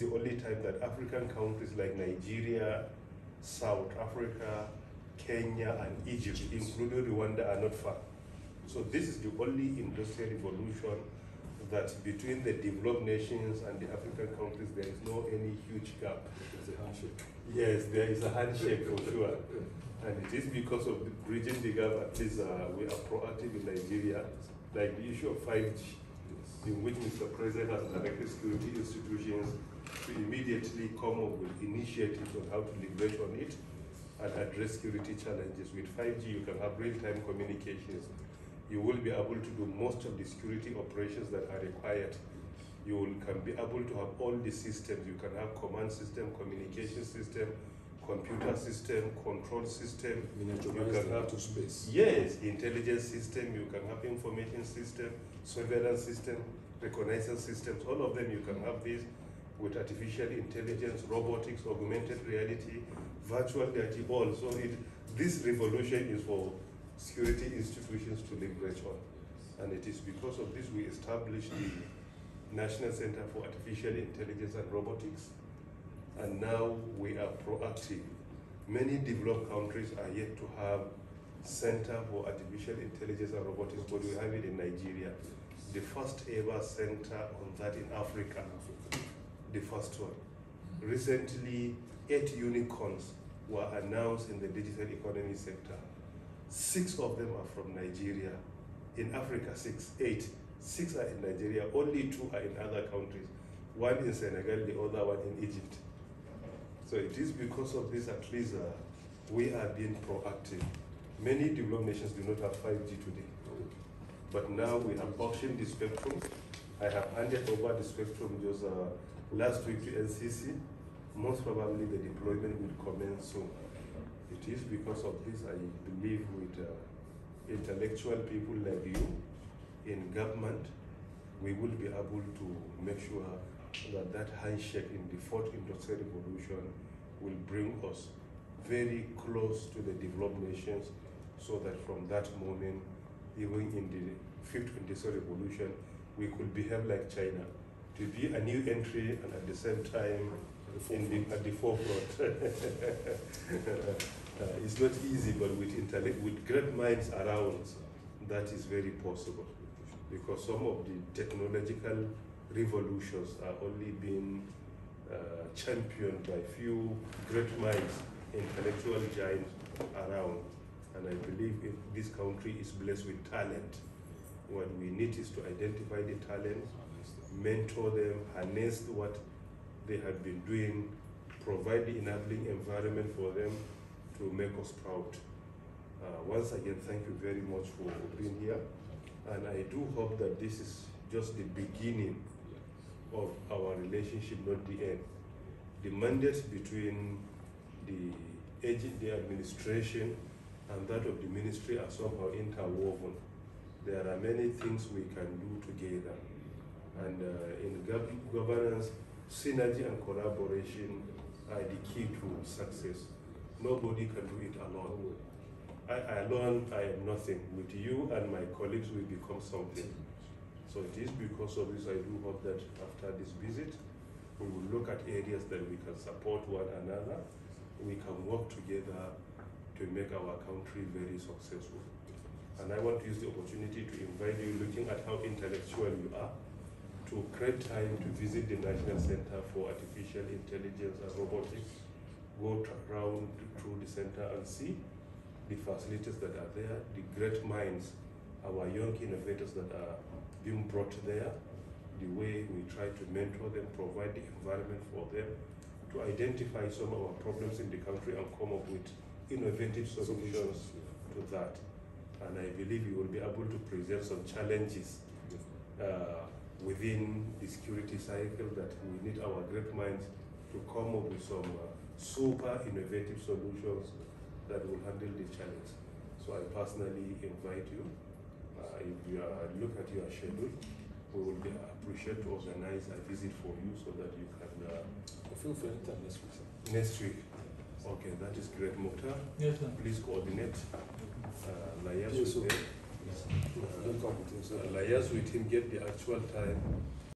the only time that African countries like Nigeria, South Africa, Kenya, and Egypt, including Rwanda, are not far. So this is the only industrial revolution that between the developed nations and the African countries, there is no any huge gap. There's a handshake. Yes, there is a handshake for sure. And it is because of the bridging the gap, at least uh, we are proactive in Nigeria, like the issue of 5G in which Mr. President has directed security institutions to immediately come up with initiatives on how to leverage on it and address security challenges. With 5G, you can have real-time communications. You will be able to do most of the security operations that are required. You will, can be able to have all the systems. You can have command system, communication system, computer system, control system. you can have to space. Yes, intelligence system, you can have information system, surveillance system, reconnaissance systems, all of them you can have these with artificial intelligence, robotics, augmented reality, virtual reality, all. So it, this revolution is for security institutions to leverage on. And it is because of this we established the National Center for Artificial Intelligence and Robotics, and now we are proactive. Many developed countries are yet to have Center for Artificial Intelligence and Robotics, but we have it in Nigeria. The first ever center on that in Africa, the first one. Recently, eight unicorns were announced in the digital economy sector. Six of them are from Nigeria. In Africa, six, eight. Six are in Nigeria, only two are in other countries. One in Senegal, the other one in Egypt. So it is because of this at least uh, we are being proactive. Many developed nations do not have 5G today. But now we have auctioned the spectrum. I have handed over the spectrum just uh, last week to NCC. Most probably the deployment will commence soon. It is because of this I believe with uh, intellectual people like you in government, we will be able to make sure that that handshake in the fourth industrial revolution will bring us very close to the developed nations so that from that moment, even in the fifth industrial revolution, we could behave like China, to be a new entry and at the same time the the, at the forefront. uh, it's not easy, but with intellect, with great minds around, that is very possible because some of the technological revolutions are only being uh, championed by few great minds, intellectual giants around. And I believe if this country is blessed with talent, what we need is to identify the talent, mentor them, harness what they have been doing, provide the enabling environment for them to make us proud. Uh, once again, thank you very much for being here. And I do hope that this is just the beginning of our relationship, not the end. The mandate between the, the administration and that of the ministry are somehow interwoven. There are many things we can do together. And uh, in governance, synergy and collaboration are the key to success. Nobody can do it alone. I, alone, I am nothing. With you and my colleagues, we become something. So it is because of this I do hope that after this visit, we will look at areas that we can support one another. We can work together to make our country very successful. And I want to use the opportunity to invite you, looking at how intellectual you are, to create time to visit the National Center for Artificial Intelligence and Robotics. Go around through the center and see the facilities that are there, the great minds, our young innovators that are being brought there, the way we try to mentor them, provide the environment for them, to identify some of our problems in the country and come up with innovative solutions, to that. And I believe you will be able to present some challenges uh, within the security cycle that we need our great minds to come up with some uh, super innovative solutions that will handle the challenge. So I personally invite you uh, if you are, look at your schedule, we would appreciate to organize a visit for you so that you can. Uh, feel free to next week. Sir. Next week. Okay, that is great, Mukhtar. Yes, sir. Please coordinate. Uh, liaise yes, with him. Yes. Uh, liaise with him. Get the actual time